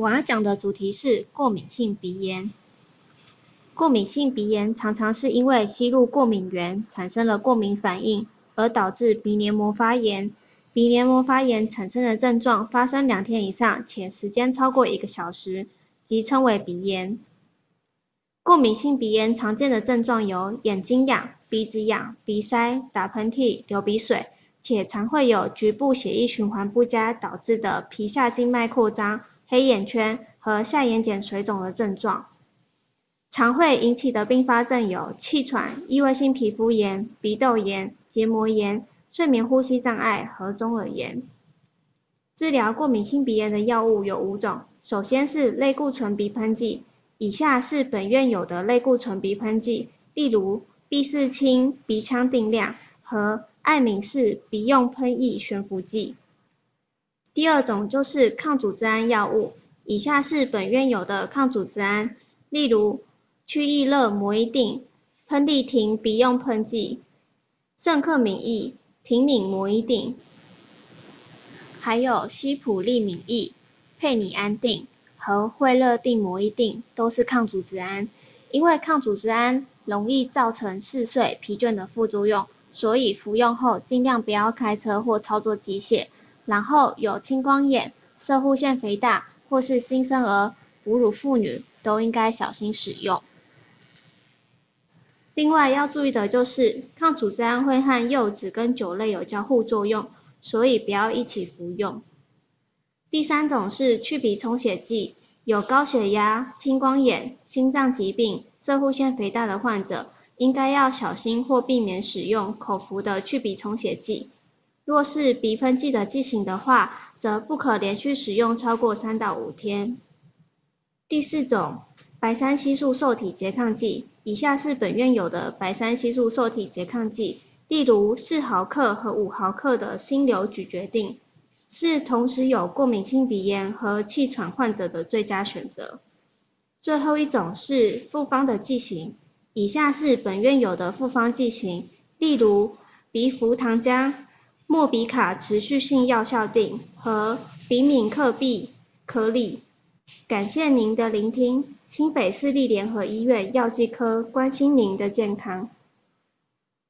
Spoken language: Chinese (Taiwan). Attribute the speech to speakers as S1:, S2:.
S1: 我要講的主題是過敏性鼻炎。過敏性鼻炎常常是因為吸入過敏原產生了過敏反應，而導致鼻黏膜發炎。鼻黏膜發炎產生的症狀發生兩天以上，且時間超過一個小時，即稱為鼻炎。過敏性鼻炎常見的症狀有眼睛癢、鼻子癢、鼻塞、打噴嚏、流鼻水，且常會有局部血液循環不佳導致的皮下靜脈擴張。黑眼圈和下眼瞼水腫的症狀，常會引起的併發症有氣喘、異位性皮膚炎、鼻竇炎、結膜炎、睡眠呼吸障礙和中耳炎。治療過敏性鼻炎的藥物有五種，首先是類固醇鼻噴劑。以下是本院有的類固醇鼻噴劑，例如必四清鼻腔定量和艾敏士鼻用噴液懸浮劑。第二種就是抗組織胺藥物，以下是本院有的抗組織胺，例如曲益樂、膜衣錠、噴嚏停鼻用噴劑、聖克敏易、停敏膜衣錠，還有西普利敏易、佩尼安定和惠樂定膜衣錠都是抗組織胺。因為抗組織胺容易造成嗜睡、疲倦的副作用，所以服用後盡量不要開車或操作機械。然後有青光眼、攝護腺肥大或是新生兒、哺乳婦女都應該小心使用。另外要注意的就是，抗組織胺會和柚子跟酒類有交互作用，所以不要一起服用。第三種是去鼻充血劑，有高血壓、青光眼、心臟疾病、攝護腺肥大的患者，應該要小心或避免使用口服的去鼻充血劑。若是鼻噴劑的劑型的話，則不可連續使用超過三到五天。第四種，白三烯素受體拮抗劑，以下是本院有的白三烯素受體拮抗劑，例如四毫克和五毫克的欣流咀嚼錠，是同時有過敏性鼻炎和氣喘患者的最佳選擇。最後一種是複方的劑型，以下是本院有的複方劑型，例如鼻福糖漿。莫比卡持續性藥效錠和比敏克幣顆粒，感謝您的聆聽，新北市立聯合醫院藥劑科關心您的健康。